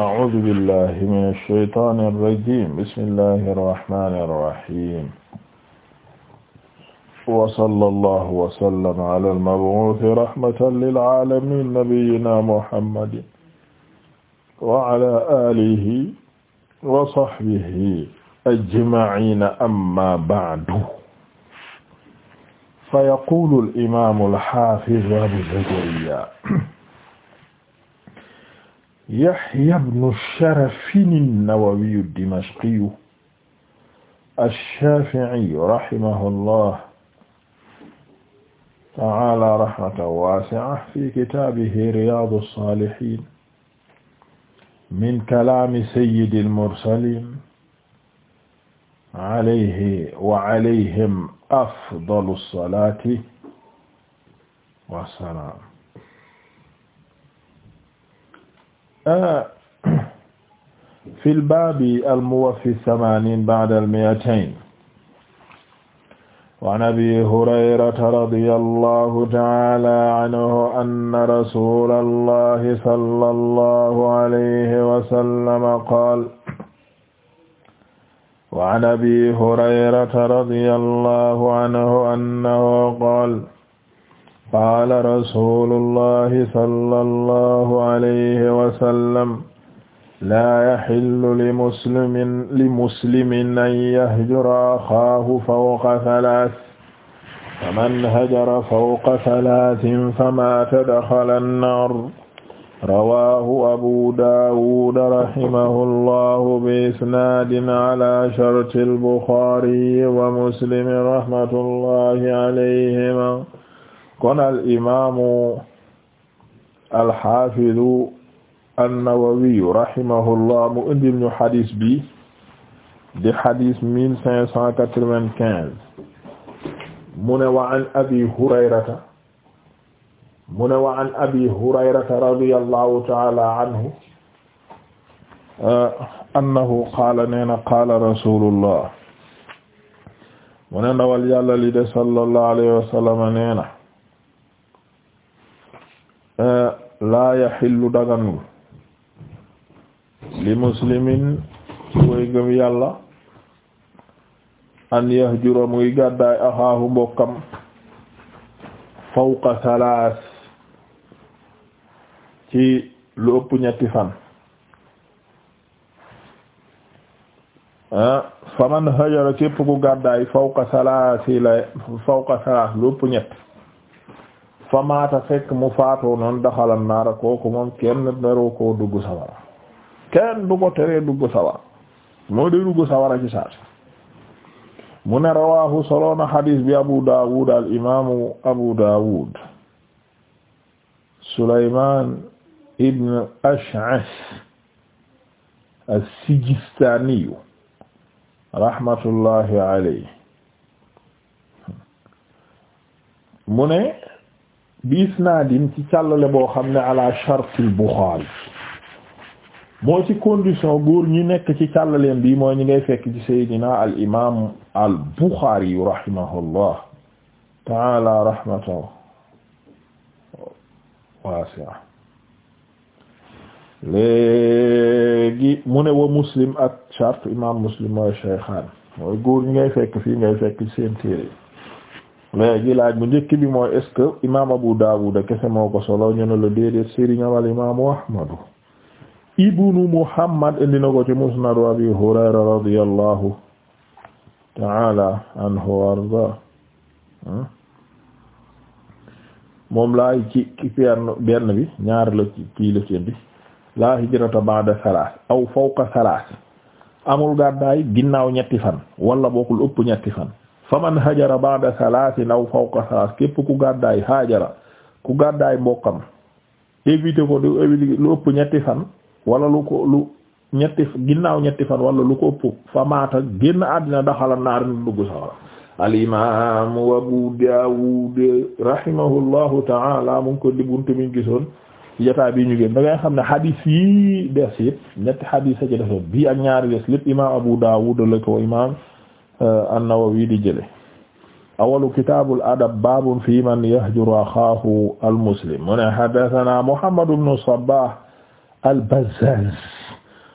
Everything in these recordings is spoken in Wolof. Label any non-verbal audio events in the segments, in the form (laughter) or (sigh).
أعوذ بالله من الشيطان الرجيم بسم الله الرحمن الرحيم وصلى الله وسلم على المبعوث رحمة للعالمين نبينا محمد وعلى آله وصحبه أجمعين أما بعد فيقول الإمام الحافظ أبو زكريا Yahya ibnu Sharafin an-Nawawi ad-Dimashqi ash-Shafi'i rahimahullah ta'ala rahmatan wasi'a fi kitaabihi Riyaadu s-Saalihiin min kalaami sayyidil mursaliin alayhi wa alayhim afdalu s-salaati wa s-salaam fi lbaabi almuwaffi samaaniin ba'da al-mi'atayn وعن أبي هريرة رضي الله تعالى عنه أن رسول الله صلى الله عليه وسلم قال وعن أبي هريرة رضي الله عنه أنه قال qaala rasulullahi sallallahu alayhi wa sallam laa yaxillu li muslimin li muslimin an yahjura axaahu fawqa salaas faman hajara fawqa salaasin famaata daxala annaar rawaahu abu daawuda rahimahullahu bi isnaadin ala sharti al buxaari wa muslim rahmatullahi alayhima kon al imaamu al xaafidu an-Nawawiyu rahimahullah mu indil ñu xadis bi di xadis mille cinq cent quatre-vingt-quinze mu ne wa an abi hurayrata mu ne wa an abi hurayrata radiyallahu taala anhu eh, annahu qaala nena qaala rasulullah mu ne ndawal yàlla li de sallallahu alayhi wa sallam neena laa yaxillu daganul li muslimin ci way ngëm yàlla an yahjura muy gàddaay axaahu mbokkam fawqa salaas ci lu ëpp ñetti fan ah, faman hajara képp ku gàddaay fawqa salaas la fawqa salaas lu ëpp ñett fa maata fekk mu faatoo noon daxala naara kooku moom kenn daroo koo dugg sawara kenn du ko dugg sawara moo de dugg sawara ci saasi mu ne soloona hadis bi abu daawud al imaamu abu daawud sulayman ibn ash'as as-sijistaaniyu rahmatullahi alayhi mu bi isnaadin ci càllale boo xam ne ala shartil Buxaari moo ci condition góor ñi nekk ci càllaleen bi mooy ñi ngay fekk ci saydina al imam al Buxaari yu rahimahullah taala rahmatan waasi'a léegi mu ne wa muslim ak shart imam muslim mooy shaykhaan mooy góor ñi ngay fekk fii ngay fekk ci seen téere léegi laaj bu njëkk bi mooy est que imaam Abu Dawud kese moo ko solo ñu ne la déedéet Serigne wal imaamu Ahmadu ibnu Muhammad indi ko ci Musnad Abi Hurayra radiyallahu ta'ala anhu wa moom laay ci ci benn bi ñaar la ci la ci indi laa hijrata ba'da salaas aw fawqa salaas amul gàddaay ginnaaw ñetti fan wala bokkul ëpp ñetti fan faman hajara ba'da thalathin aw fawqa thalath képp ku gàddaay hajara ku gàddaay mbokkam éviter ko lu ëpp ñetti fan wala lu ko lu ñetti ginnaaw ñetti fan wala lu ko ëpp fa maata génn àddina daxala naar nu dugg sawara al imam Abu Dawud rahimahullahu ta'ala mu ngi di buntu mi gisoon bi ñu génn da ngay xam ne hadith yi des yëpp ñetti hadith a ci desoon bii ak ñaari des lépp imam Abu Dawud la ko Euh, an-Nawawi di jële awalu kitaabul adab baabun fi man yahjuru axaahu al-muslim mu ne haddasanaa Muhammad ibnu Sabbaah al-Bazzaaz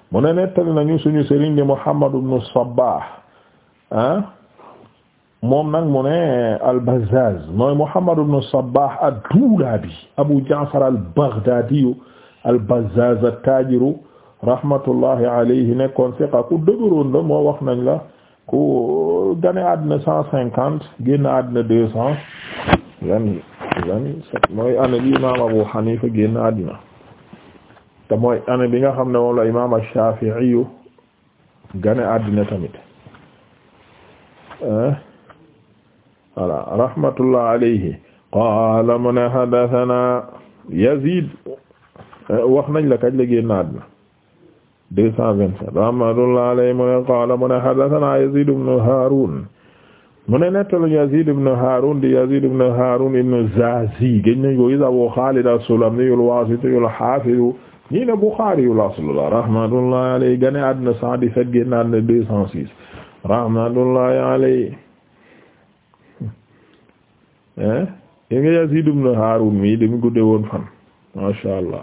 mu ne nettali nañu suñu sëriñ di Muhammad ibnu Sabbaah ah moom nag mu ne al-Bazzaaz mooy Muhammad ibnu Sabbaah ad-Duulaabi Abu Ja'far al-Baghdaadi al-Bazzaaz at-taajiru rahmatullahi alayhi nekkoon siqa ku dëgëroon la moo wax nañ la. ku gane àddina cent cinquante génn àddina deux cent vingt vingt mooy année bi imam Abu Hanifa génn àddina te mooy bi nga xam ne moom la imam Shafi'i gane àddina tamit rahmatullah alayhi qala mu ne hadathana Yazid wax nañ la kañ la 227 rahmatullah alayhi mu ne qaala mu ne haddathana Yazid ibn Harun mu ne Yazid ibn Harun di Yazid ibn Harun ibn Zazi gën nañ ko gis Abu Khalid as-Sulami al-Wasiti al-Hafiz ñi ne Bukhari al-asl rahmatullah alayhi gane àddina 117 génn àddina 206 rahmatullah alayhi eh nga Yazid ibn Harun mi dem gudde woon fan ma sha Allah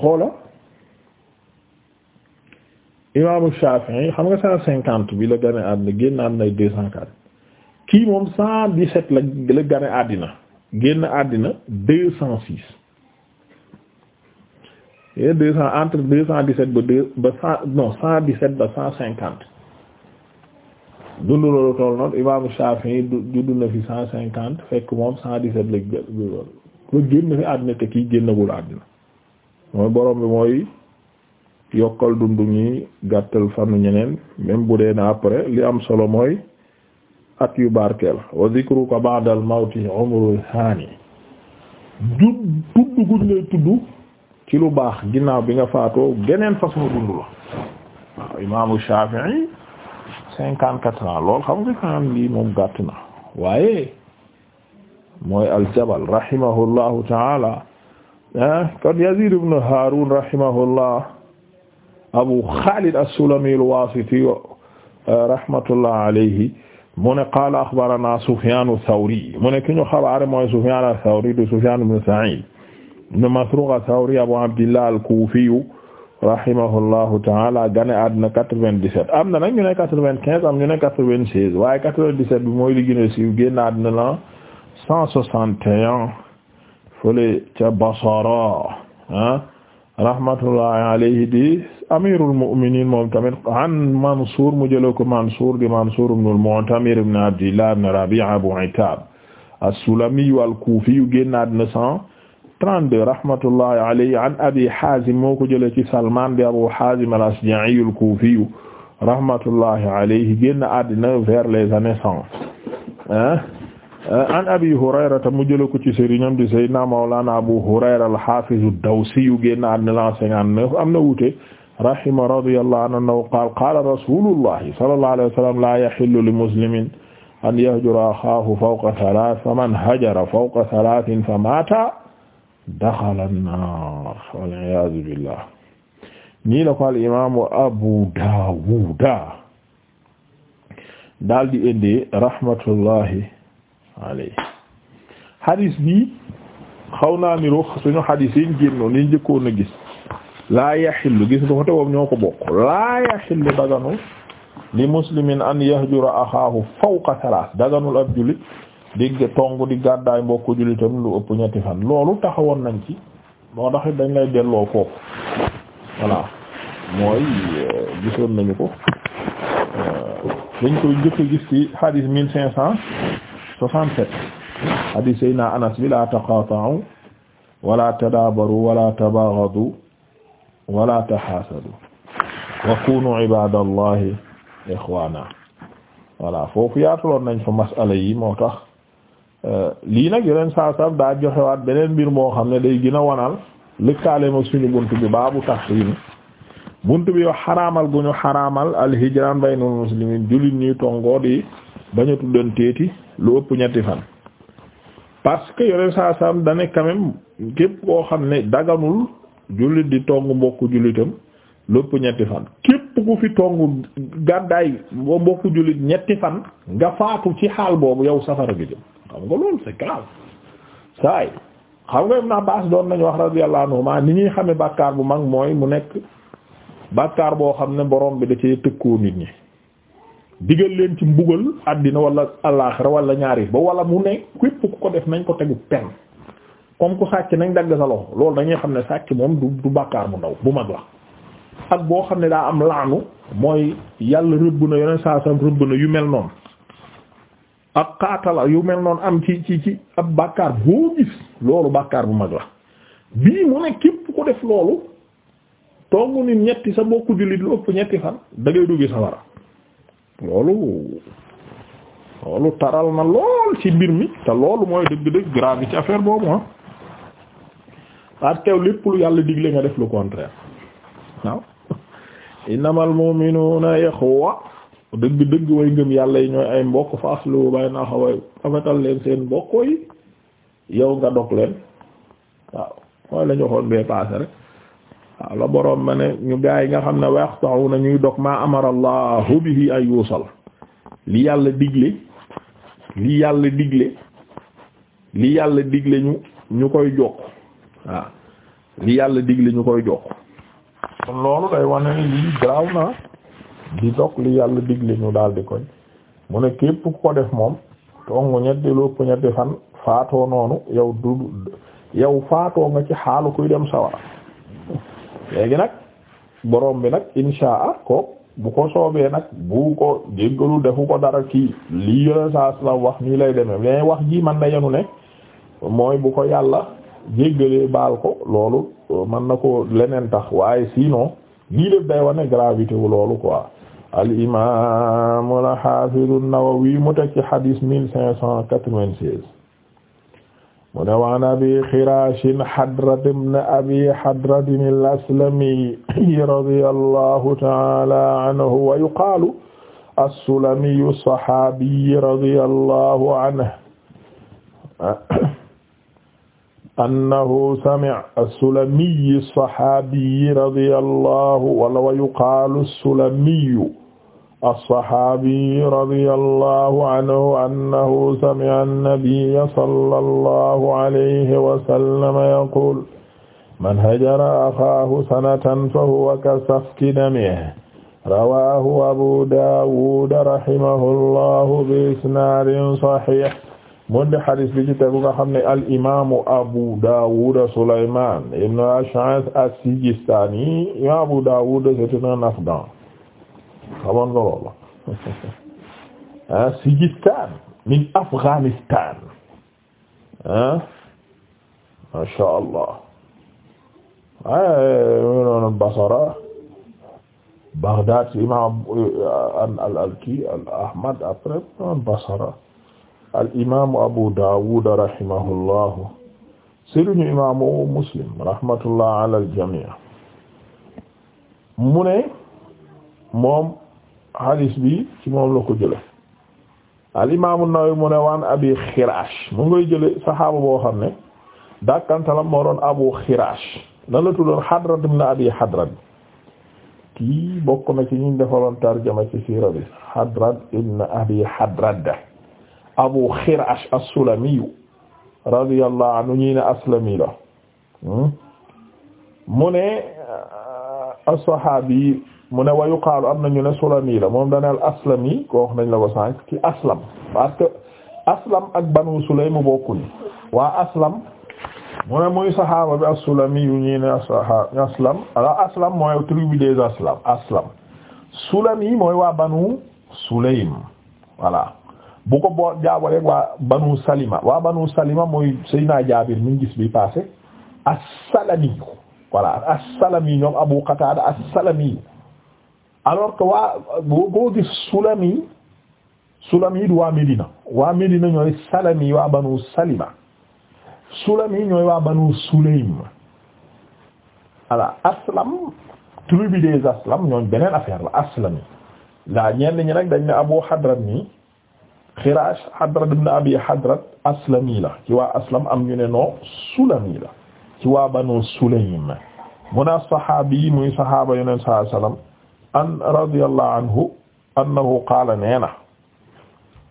xoola imaamu yi xam nga cent cinquante bi la gane àddina génn àddina deux cent quatre kii moom cent dix-sept la la gane àddina génn àddina deux cent six et deux cent entre deux cent dix-sept ba deux ba cent non cent dix-sept ba dundu loolu toll noonu imaamu Shafi'i dundu na fi cent cinquante fekk moom cent dix-sept la ba génn fi àddina te kii génnagul àddina mooy borom bi mooy yokkal dundu ñi gàttal fanu ñeneen même bu dee na après li am solo mooy at yu barkeel wa zikruka ba'dal mawti umru tudd guñ lay tudd ci lu baax ginnaaw bi nga faatoo geneen façon dund la waaw imaamu Shafi'i lool xam nga xanaan lii moom gàtt na waaye mooy aljabal rahimahullahu taala Ah, kon Yazid ibn Harun rahimahullah Abu Khalid as-Sulami al-Wasiti ah, rahmatullah alayhi mu ne qaala axbarana Sufyan ath-Thawri mu ne ki ñu xabaare mooy Sufyan ath-Thawri du Sufyan ibn Sa'id ibn Masruq ath-Thawri Abu Abdillah al-Kufi rahimahullahu ta'ala gane àddina 97 am na nag ñu ne 95 am ñu ne 96 waaye 97 bi mooy li gën a siiw génn àddina la 161 fële ca Basra ah rahmatullahi alayhi di amirul mu'minin moom tamit an Mansuur mu jëlee ko Mansuur di Mansuur ibn al-Mu'tamir ibn Abdillah ibn Rabi'a Abu Attab as-Sulami al-Kufi génnaat na cent trente-deux rahmatullahi alayhi an Abi Hazim moo ko jëlee ci Salman bi Abu Hazim al-Asja'i al-Kufi rahmatullahi alayhi génn àddina vers les années cent ah. Euh, an abi hurayrata mu jëla ko ci sëriñam di sayyidina mawlana abu hurayra al-hafiz ad-dawsi génna adna la cinquante-neuf am na wute rahima radiyallahu anhu qaala qaala rasulullahi sallallahu alayhi wa sallam la yahillu li muslimin an yahjura axaahu fawqa thalath faman hajara fawqa thalathin fa mata daxala an-naar wal-iyaazu billah nii la ko al imaamu Abu Daawuda daal di indi rahmatullahi alay xadis bi xaw naa niroo suñu xadis yi ñu génnoon yi njëkkoon a gis laa yaxillu gis nga ko te woom ñoo ko bokk laa lu daganu li muslimin an yahjura axaahu fawqa salaas daganul ab jullit digg tong di gàddaay mbokku jullitam lu ëpp ñetti fan loolu taxawoon nañ ci moo tax dañ lay delloo foofu voilà mooy euh, gisoon nañu ko euh, dañ koy njëkk gis ci xadis mille cinq 67 hadis Seydina Anas bi la taqaata'u wala tadaabaru wala tabaghadu wala tahaasadu wa kunu ibadallahi ixwana voilà foofu yaatuloon nañ fa masala yi moo tax euh, lii nag yeneen saa saf daa joxewaat beneen mbir moo xam ne day gën a wanal lëkkaale ma suñu bunt bi baabu tahrim bunt bi wax xaraamal gu ñu xaraamal alhijran baynal muslimin jullit ñuy tongoo bañ a tuddanteeti lu ëpp ñetti fan parce que yore saa saam dane quand képp koo xam ne daganul jullit di tong mbokku jullitam lu ëpp ñetti fan képp ku fi tong gàddaay ba mbokku jullit ñetti fan nga faatu ci xaal boobu yow safara bi jëm xam nga loolu c'est grave saay xam nga naa baas doon nañu wax radiyallahu anhuma ni ñuy xame bàkkaar bu mag mooy mu nekk bàkkaar boo xam ne borom bi da cee tëkkoo nit ñi digal leen ci mbugal àddina wala àllaaxira wala ñaari ba wala mu ne képp ku ko def nañ ko tegu pen comme ku sàcc nañ dagg sa loxo loolu dañuy xam ne sàcc moom du du bàkkaar bu ndaw bu mag la ak boo xam ne daa am laanu mooy yàlla rëbb na yeneen saa sam rëbb na yu mel noonu ak xaatala yu mel noonu am ci ci ci ab bàkkaar boo gis loolu bàkkaar bu mag la bii mu ne képp ku def loolu tongu nit ñetti sa bokku jullit lu ëpp ñetti fan da ngay dugg loolu loolu taral na lool ci mbir mi te loolu mooy dëgg-dëgg grave ci affaire boobu ah parce lépp lu yàlla digle nga def lu contraire waaw innamal mu'minuna ikhwa dëgg-dëgg way ngëm yàlla yi ñooy ay mbokk fa aslu bayna axawaykum rafetal leen seen mbokk yow nga dog leen waaw mooy la ñu bee paase rek waaw la boroom ma ne ñu gaa yi nga xam ne na ñuy dog ma amara Allahu ay yuusal li yàlla digle li yàlla digle li yàlla digle ñu ñu koy jokk waaw li yàlla digle ñu koy jokk kon loolu day wane ne lii garaaw na di dog li yàlla digle ñu daal di koy mu ne képp ko def moom tongu ñetti lu ëpp ñetti fan faatoo noonu yow du yow faatoo nga ci xaalu kuy dem sawara léegi nag borom bi nag inshaa ko bu ko soobee nag bu ko jéggalu defu ko dara kii lii yoneen saa la wax nii lay demee mais wax ji man na yenu ne mooy bu ko yàlla jéggalee baal ko loolu euh, man na ko leneen tax waaye sinon lii def day wane gravité wu loolu quoi al imam al hafiz an mu teg ci mille cinq cent quatre-vingt-seize mu ne waan abi xirashin hadrat ibn abi hadratin al-aslami radiyallahu ta'ala anhu wa yuqaalu as-sulami as-sahabi radiyallahu anhu annahu sami'a as-sulami as-sahabi radiyallahu wala wa yuqaalu as-sulami as-saxaabi radiyallahu anhu annahu sami'a an-nabiyya sallallahu alayhi wa sallam yaquul man hajara axaahu sanatan fahuwa kasafki damihi rawaahu abu daawuud rahimahullahu bi isnaadin saxiix mu di xadis bi ci tegu nga xam ne al imaamu abu daawuud sulaymaan ibn ash'ath as-sijistaani abu daawuud c'est un afghan xamoon nga (laughs) ah, min Afghanistan ah masha Allah waaye ah, mu noonu Basra Baghdad eh, al al al Ahmad après al imaamu Abu Dawud rahimahullahu sëriñu imaamu Muslim rahmatullah ala al jamii mu hadis bi ci moom la ko jële al imaam an mu ne waan abi xiraash mu ngay jële saxaaba boo xam ne dàkkantalam moo doon abu xiraash nan la tuddoon Hadrad ibn abi Hadrad kii bokk na ci ñu defaloon tarjama ci siira bi Hadrad ibn abi Hadrad abu xiraash as-Sulami radiyallahu anhu ñi aslami la hmm? mu ne uh, as-saxaabi mu ne wa yuqaalu am nañu ne sulami la moom daneel aslami ko nañ la ko sànq ci aslam parce que aslam ak banu sulaym bokkuñu waa aslam mu ne muy saxaaba bi as yu ñi ne aslam aslam mooy tribu aslam aslam sulami mooy waa banu sulaym voilà bu ko boo jaawaleeg waa banu salima waa banu salima mooy Seydina Jaabir mi gis bi passé as-salami voilà ñoom Abu Qatada as alors ko waa boo koo gis sulami sulami du waa Médina waa Médina ñooy salami waa banu salima sulami ñooy waa banu sulaym voilà aslam tribu aslam ñooñ beneen affaire la aslami daa ñenn ñi nag dañ ne abu hadrat nii xiraaj hadrat ibn abi hadrat aslami la ci waa aslam am ñu ne sulami la ci waa banu sulaym mu ne saxaabi muy saxaaba yoneen saa sallam an radiyallahu anhu annahu qaala nee na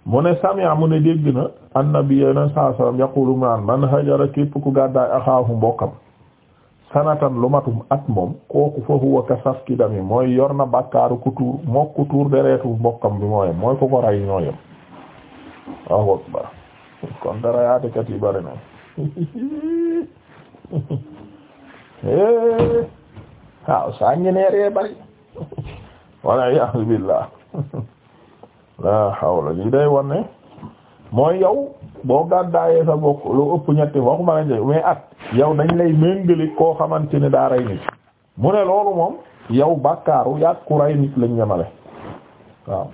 mu ne sami'a mu ne dégg na annabi saa sallam yaqulu mu naan man hajara képp ku gàddaay axaahu mbokkam sanatan lu at moom kooku fa huwa ka safki dami mooy yor na bàkkaaru ku tuur moo mbokkam bi mooyem mooy ko ko rey ñooyem waaw akbar kon dara yaatekat yi bari na (laughs) waaw saa ngi neeree bari walla iyaazu billaah laa (laughs) la lii day wone mooy yow boo gàddaayee sa bokk lu ëpp ñetti waxuma la mais at yow dañ lay méngale koo xamante ne daa rey nit mu ne loolu moom yow bàkkaaru yaat ku rey nit lañ ñemale waaw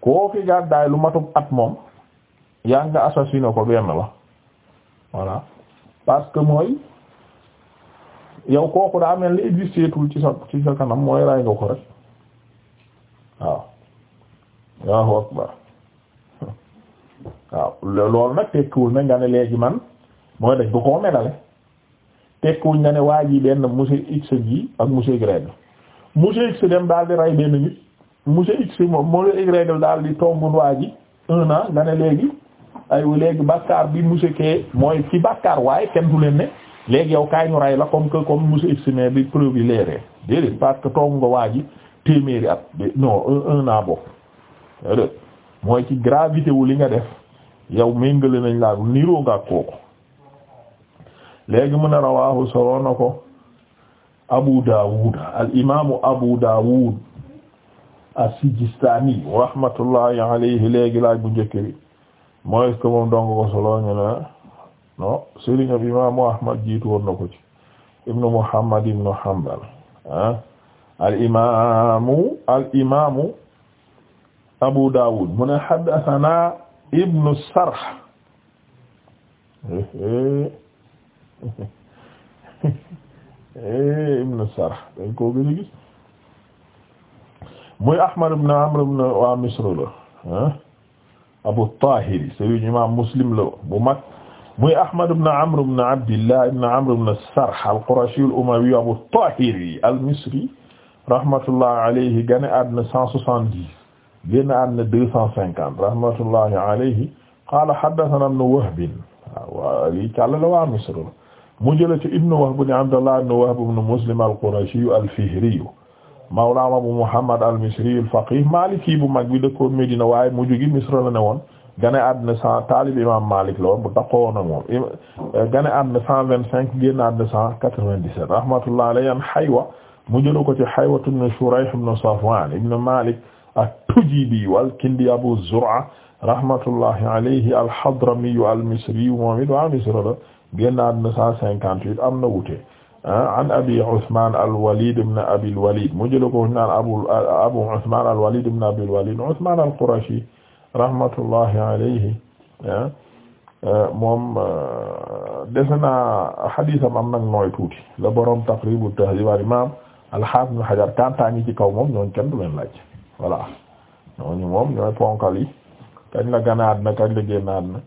koo fi gàddaay lu matub at moom yaa nga assassiné ko benn la voilà parce que mooy yow kooku daa mel ni existeetul ci sa ci sa kanam mooy rey nga ko rek waaw Allahu akbar waaw nag tekkiwul na nga ne léegi man mooy dañ ko koo melale tekkiwuñ na ne waa ji benn monsieur X ji ak monsieur Y monsieur X dem daal di rey benn nit monsieur X moom monsieur Y daal di tombul waa ji un an nga ne léegi aywa léegi bàkkaar bi monsieur K mooy ci bàkkaar waaye kenn du leen ne léegi yow kaay ñu rey la comme comme monsieur X mais bi preuve yi leeree déedéet parce que nga waa ji téeméeri at non un an bopp déedéet mooy ci gravité wu li nga def yow méngale nañ laa niroo nga kooku léegi mu ne rawaahu solo na Abu Dawud al imaamu Abu Dawud as-Sijistani rahmatullahi alayhi léegi laaj bu njëkk bi mooy est-ce moom dong ko solo ñu ne non sëriñ imaamu Ahmad jiitu woon ci ibnu Muhammad ibnu Hanbal ah. al imaamu al imaamu Abu Dawud mu ne haddasanaa Ibnu Sarh eh, Ibnu Sarh dañ koo gën a gis muy Ahmad ibn Amr ibn waa Misr la eh? Abu Tahir sëriñ imaam Muslim la bu mag muy Ahmad ibn Amr ibn Abdillah ibn Amr ibn Sarh al-Qurashi al-Umawi Abu Tahir al-Misri rahmatullahi alayhi gane àddina 170 génn àddina 250 rahmatullahi alayhi qaala haddathana ibnu Wahb waaw lii càll la waa Misr mu jële ci ibnu Wahb ibn Abdullah ibnu Wahb ibnu Muslim al-Qurashi al-Fihri mawla Abu Muhammad al-Misri al-faqih Maliki bu mag bi dëkkoon Medina waaye mujj gi Misr la ne woon gane àddina cent taalib imaam Malik la woon bu daqoo woon ak moom gane àddina 125 génn àddina 197 rahmatullahi alayhi an Haywa mu jëlo ko ci Haywat ibn Shurayh ibn Safwan ibn Malik at-Tujibi wal-Kindi Abu Zur'a rahmatullahi alayhi al-Hadrami al-Misri moom it waa Misr la génn na 158 am na wuute an Abi Usman al-Walid ibn Abi al-Walid mu jëlo ko naan Abu Abu Usman al-Walid ibn Abi al-Walid Usman al-Qurashi rahmatullahi alayhi moom dese na hadiisam am nag nooy tuuti la borom Taqrib at-Tahdhib imam alxaafis ibn Hajar kantaa ñi ci kaw moom ñooñ kenn du leen laaj voilà ñooñu moom ñooy ponkal kañ la ganaat na kañ la génnaat na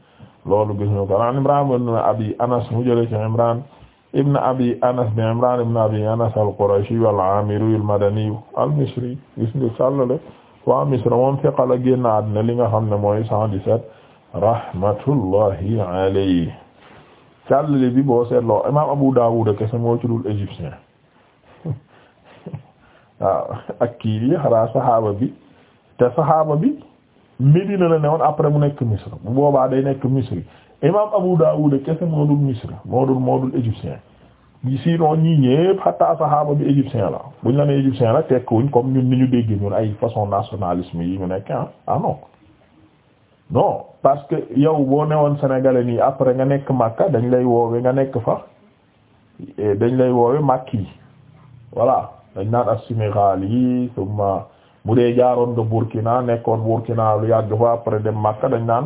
loolu gis ñu ko an Imran ibn Anas mu ci Imran bi Imran Anas al al-Amiri al-Madani al-Misri gis nga sàllale waa moom fiqal a génnaat na li nga xam ne mooy 117 rahmatullahi alayhi sàllale bi boo seetloo imam Abu Dawud kese moo ci dul égyptien waaw ak kii bi xanaa saxaaba bi te saxaaba bi Medina la ne woon après bu nekk Misr bu boobaa day nekk Misri imaam Abu Daawud kese moo dul Misri moo dul moo dul égyptien sinon ñii ñépp xataa saxaaba bi égyptien la buñ la nee égyptien la wuñ comme ñun ni ñu déggee ñun ay façon nationalisme yi ñu nekk ah ah non parce que yow boo newoon sénégalais nii après nga nekk Makka dañ lay woowe nga nekk fa dañ lay woowe Makki voilà. dañ naan as-Senegaali summa bu dee jaaroon nga Burkina nekkoon Burkina lu yàgg fa après dem Makka dañ naan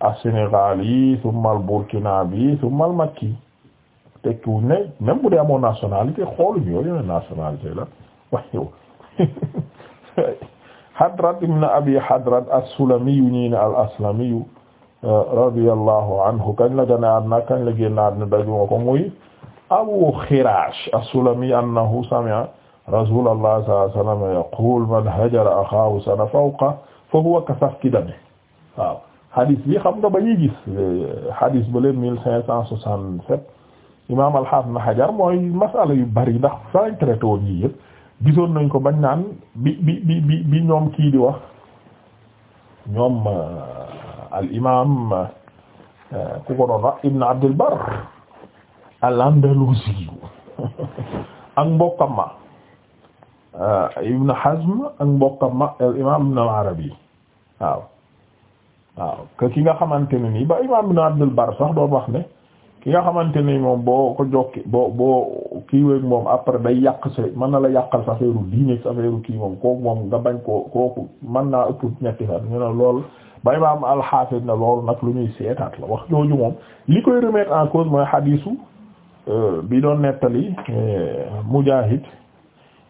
as-Senegaali summa al-Burkina bi summa al-Makki tekkiwuñ ne même bu dee amoon nationalité xooluñu yooyu ne nationalité la wax yow (laughs) Hadrat ibn Abi Hadrat as-Sulami yu ñii ne al-Aslami yu radiyallahu anhu kañ la gane adna kañ la génn adna dajuma ko muy Abu Khirash as-Sulami annahu sami'a rasulallah sallallahu alayhi wa sallam yaqul man hajara axaahu sana fawqa fa huwa ka safki dami waaw hadis bi xam nga ba ñuy gis eh, hadis ba leen mille cinq cent soixante-sept imaam al-Hafiz na Hajar mooy masala yu bari ndax fa lañ traité woon yii yëpp gisoon nañ ko bañ naan bi bi bi bi bi ñoom kii di wax ñoom eh, al imaam eh, ku ko doon wax Ibn Abdul Barr al-Andalusi (laughs) ak mbokkam ma Ah, Ibn Hazm ak mbokkam ma imaam Ibn al-Arabi waaw waaw ki nga xamante ne nii ba imaam Ibn Abdul Barr sax doon wax ne ki nga xamante ni moom boo ko jokki boo boo kii weeg moom après day yàq sa mën na la yàqal sa affaire diine sa kii moom kooku moom nga bañ koo kooku mën naa ëpp ñetti fan ñu ne lool ba imaam al-Hafiz na lool nag lu ñuy seetaat la wax jooju moom li koy remettre en cause mooy xadiisu euh, bi doon nettali euh, Mujaahid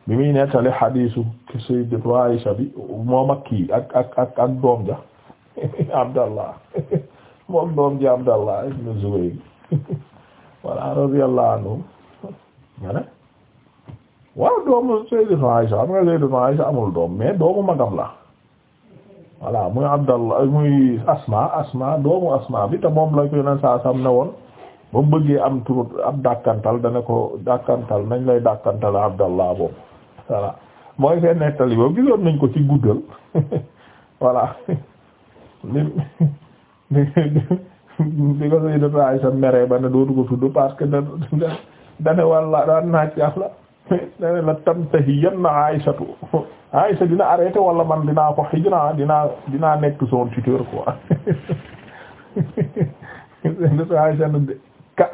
bi muy nettali xadiisu sayyidatu Aysa bi moom ak kii ak ak ak doom ja (laughs) Abdallah (laughs) moom doom ja Abdallah ibn Zubayr (laughs) wala radiyallahu anhu nga ne waaw doomu sayyidatu Aysa am amul doom mais doomu magam la voilà muy Abdallah muy Asma Asma doomu Asma bi te moom la koy naan saa sam ne woon mu bëggee am turu ab dàkkantal dana ko dàkkantal nañ lay dàkkantal Abdallah boobu voilà mooy seen nettali boobu gisoon nañ ko ci guddal (laughs) walla daan naaj yàlla (laughs) dane la tantahiyanna Aysatu Aysa (laughs) dina arrêté wala man dinaa ko xijna dinaa dinaa nekk son tuteur quoi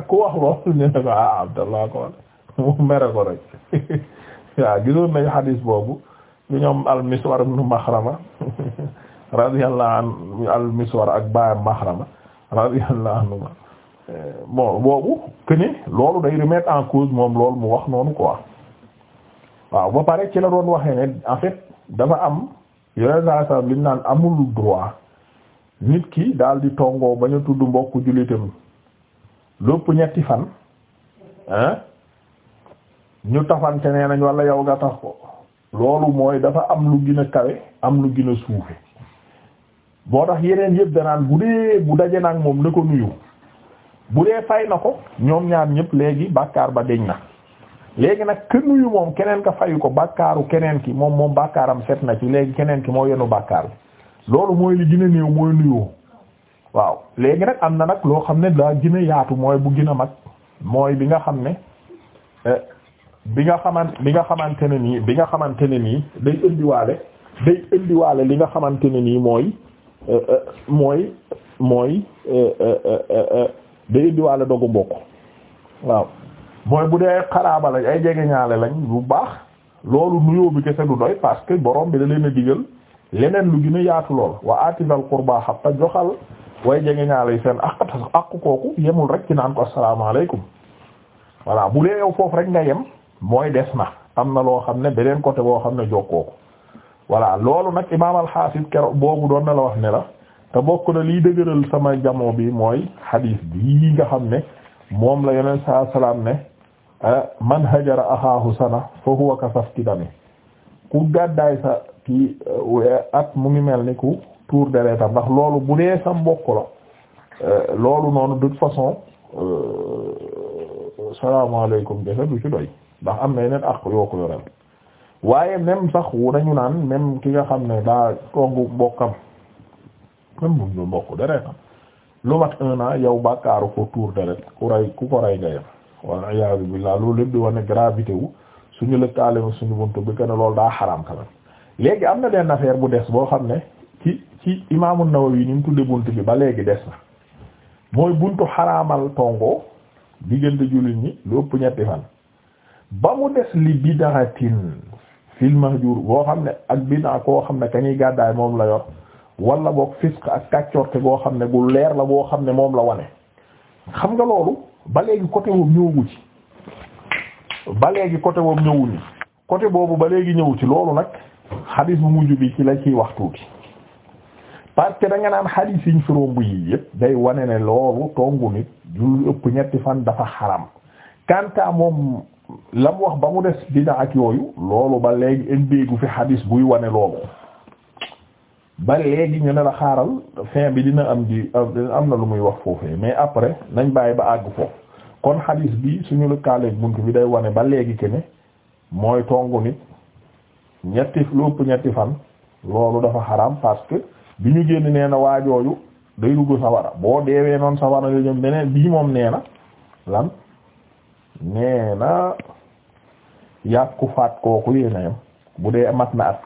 ku wax lool ne ne ko ah Abdallah ko moom mere ko rek waaw gisoon nañ xadiis boobu bi ñoom al-Miswar ibn Maxrama (laughs) radiyallahu anhu al-Miswar ak baayam Maxrama radiyallahu anhu bon boobu que loolu day remettre en cause moom loolu mu wax noonu quoi waaw ba pare ci la doon waxee ne en fait dafa am yeneen saa saa li naan amul droit nit ki daal di tongoo ba tudd mbokku jullitam lépp ñetti fan ah. ñu tafante nee nañ wala yow nga tax ko loolu mooy dafa am lu gën a kawe am lu gën a suufe boo tax yeneen yëpp danaan bu dee bu daje nag moom na ko nuyu bu dee fay na ko ñoom ñaar ñépp léegi bàkkaar ba deñ na léegi nag ke nuyu moom keneen ka fayu ko bàkkaaru keneen ki moom moom bàkkaaram set na ci léegi keneen ki moo yenu bàkkaar bi loolu mooy li gën a néew mooy nuyoo waaw léegi nag am na nag loo xam ne daa gën a yaatu mooy bu gën a mag mooy bi nga xam ne eh, bi nga xamante bi nga xamante ne nii bi nga xamante ne nii day indiwaale day indiwaale li nga xamante ne nii mooy euh, euh, mooy mooy euh, day indiwaale dogu mbokk waaw mooy bu dee xaraaba lañ ay jegeñaale lañ bu baax loolu nuyoo bi kese du doy parce que borom bi da leen a digal leneen lu gën a yaatu lool wa atidal qurba hatta joxal way jegeñaale yi seen ak ak kooku yemul rek ci naan ko asalaamaaleykum voilà bu dee yow foofu rek nga yem. mooy des na am na loo xam ne beneen côté boo xam ne jokkoo ko voilà loolu nag imaam al-Hafiz boobu doon na la wax ne la te bokk na liy dëgëral sama jamoo bi mooy hadith bii nga xam ne moom la yeneen saa salaam ne ah, man hajara axaahu sana fa huwa kasafki dami ku gàddaay sa kii eh, at mu ngi mel ni ku tuur deretam ndax loolu bu dee sa mbokk la eh, loolu noonu de toute façon euh, salaamaaleykum defe du ci doy ndax am na yeneen ak yoo ko yoreel waaye même sax wu nañu naan même ki nga xam ne daa tongu bokkam même bu ñu bokk deret lu mat un an yow bàkkaaru ko tuur deret ku rey ku ko rey nga yem walla iyaazu billaah loolu lépp di wane gravité wu suñu lëkkaale suñu buntu bi kenn loolu daa xaraam tamit léegi am na benn affaire bu des boo xam ne ci ci imaamu yi ni mu tudde bunt bi ba léegi des na mooy buntu xaraamal tongo diggante jullit ñi lu ëpp ñetti fan ba mu des li bid'atin fil mahjur boo xam ne ak bid'a koo xam ne kañuy gàddaay moom la yor wala boog fisq ak kàccorte boo xam ne bu leer la boo xam ne moom la wane xam nga loolu ba léegi côté woom ci ba léegi côté woom ñëwu ni côté boobu ba léegi ñëwu ci loolu nag xadis bu mujj bi ci la ciy wax tuuti parce que da nga naan xadis yiñ firóomb yi yëpp day wane ne loolu tongu nit lu ëpp ñetti fan dafa xaram kanta moom la wax ba mu des bida ak yooyu loolu ba léegi indéegu fi xadis buy wane loolu ba léegi ñu ne la xaaral fin bi dina am di am na lu muy wax foofee mais après nañ bàyyi ba àgg foofu kon xadis bi suñu lëkkaaleeg bunt bi day wane ba léegi ke mooy tongu nit ñetti lu ëpp ñetti fan loolu dafa xaram parce que bi ñu génn nee na waajooju day dugg sawara boo deewee noonu sawara la jëm beneen bii moom nee na lan nee na yàgg ku faat kooku yéena yam bu dee mat na at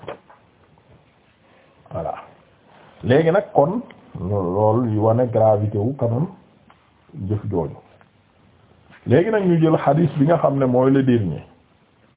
voilà léegi nag kon lool yu wane gravité wu quand jëf jooju léegi nag ñu jël hadith bi nga xam ne mooy le dernier